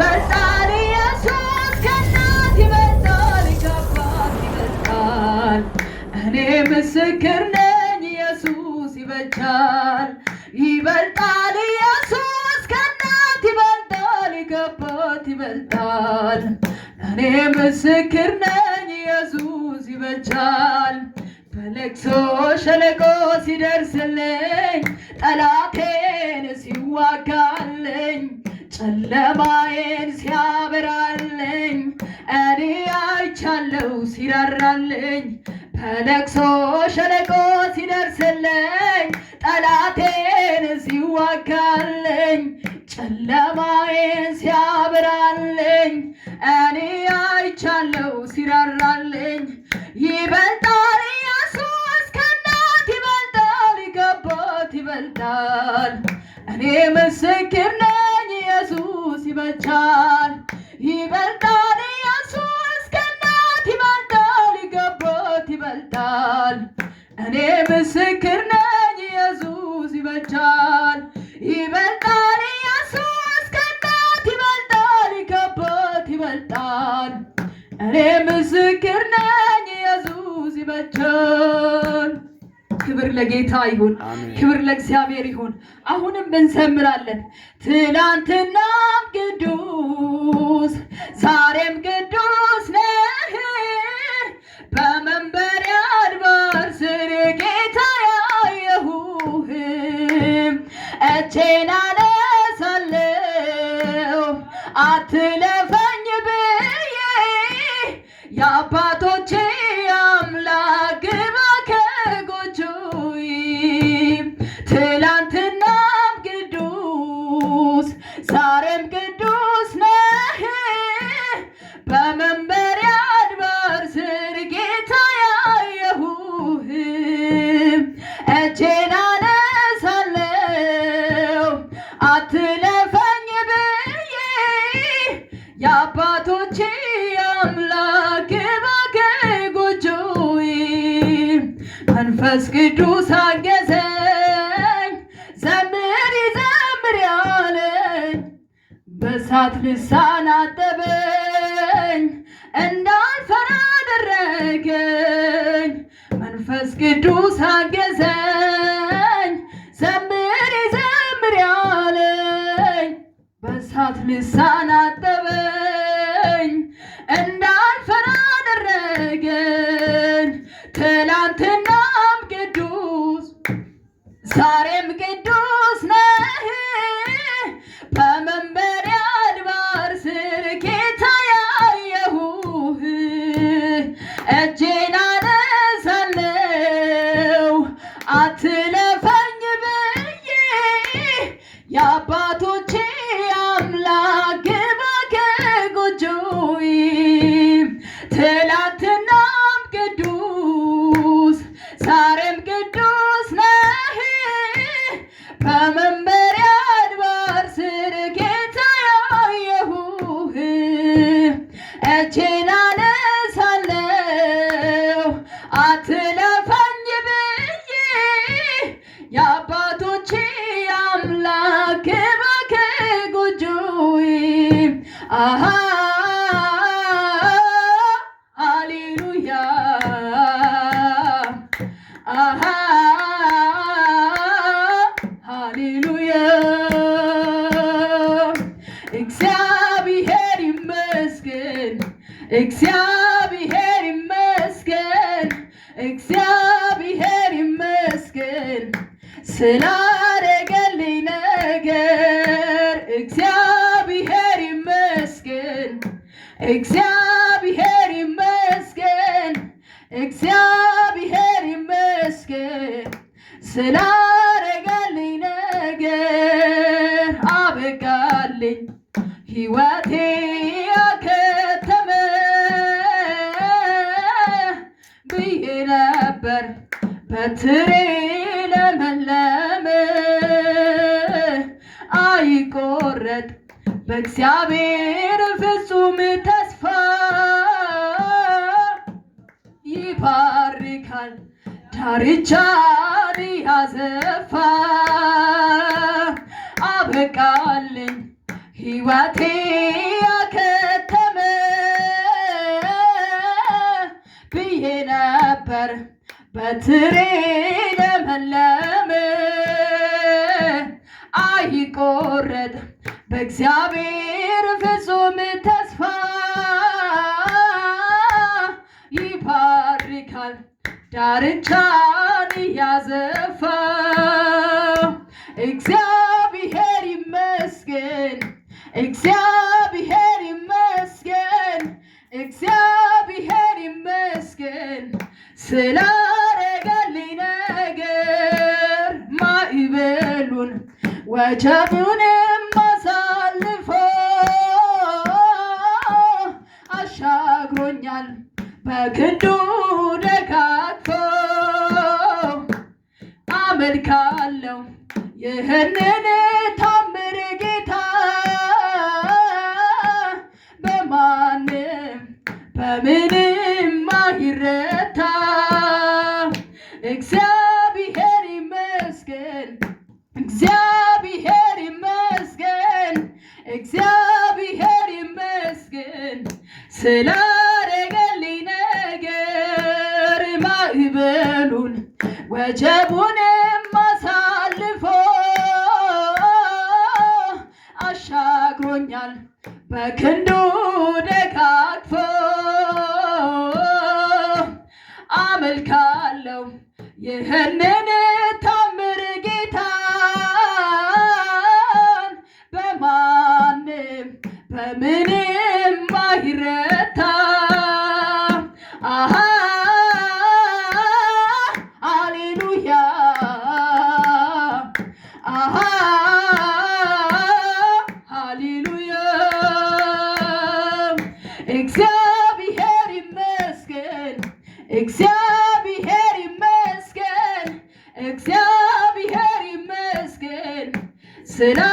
ይበልጣል ኢየሱስ ከእናት ይበልጣል ከአባት ይበልጣል። እኔ ምስክር ነኝ ኢየሱስ ይበልጣል ይበልጣል ኢየሱስ ከእናት ይበልጣል ከአባት ይበልጣል። እኔ ምስክር ነኝ ኢየሱስ ይበጃል በለቅሶ ሸለቆ ሲደርስልኝ ጠላቴን ሲዋጋልኝ ጨለማዬን ሲያበራልኝ እኔ አይቻለው ሲራራልኝ በለቅሶ ሸለቆ ሲደርስልኝ ጠላቴን ሲዋጋልኝ ጨለማዬን ሲያበራልኝ እኔ አይቻለው ሲራራልኝ ይመጣል። እኔ ምስክር ነኝ ኢየሱስ ይበልጣል፣ ይበልጣል ኢየሱስ ከናት ይበልጣል፣ ከአባት ይበልጣል። እኔ ምስክር ነኝ ኢየሱስ ይበልጣል። ክብር ለጌታ ይሁን፣ ክብር ለእግዚአብሔር ይሁን። አሁንም እንዘምራለን። ትናንትናም ቅዱስ ዛሬም ቅዱስ የአባቶቼ አምላክ ግባከ ጎቹይ ትላንትናም ቅዱስ ዛሬም ቅዱስ ነህ በመንበሪያ አድባር ስር ጌታ ያየሁህ እጄን አነሳለው አትለፈኝ ብዬ የአባቶቼ መንፈስ ቅዱስ አገዘኝ፣ ዘምሪ ዘምሪ አለኝ። በሳት ልሳን አጠበኝ፣ እንዳልፈራ አደረገኝ። መንፈስ ቅዱስ አገዘኝ፣ ዘምሪ ዘምሪ አለኝ። በሳት ልሳን አጠበኝ እንዳልፈራ አደረገኝ መንፈስ ቅዱስ አገዘኝ ዘምሪ ዘምሪ በሳት ልሳን አጠበኝ ዛሬም ቅዱስ ነህ በመንበረ አድባር ስር ጌታ ያየሁህ እጄን አነሳለሁ አትለፈኝ ብዬ የአባቶች remember እግዚአብሔር ይመስገን እግዚአብሔር ይመስገን ስላረገልኝ ነገር እግዚአብሔር ይመስገን እግዚአብሔር ይመስገን እግዚአብሔር ይመስገን ስላ በትሬ ለመለመ አይቆረጥ በእግዚአብሔር ፍጹም ተስፋ ይባርካል ዳርቻን ያሰፋ አበቃልኝ ሕይወቴ ያከተመ ብዬ ነበር በትሬ ለመለመ አይቆረጥም በእግዚአብሔር ፍጹም ተስፋ ይባርካል ዳርቻን እያዘፋ እግዚአብሔር ይመስገን እግዚአብሔር ይመስገን እግዚአብሔር ይመስገን ስላ መቸቱንም አሳልፎ አሻግሮኛል በክንዱ ደጋግፎ አመልካለው! ይህንን ታምር ጌታ በማንም በምንም አይረታ ስላረገልኝ ነገር ማዕበሉን ወጀቡንም አሳልፎ አሻግሮኛል በክንዱ ደጋግፎ አመልካለው ይህንን ይረታ አሌሉያ አሌሉያ እግዚአብሔር ይመስገን እግዚአብሔር ይመስገን እግዚአብሔር ይመስገን ስለ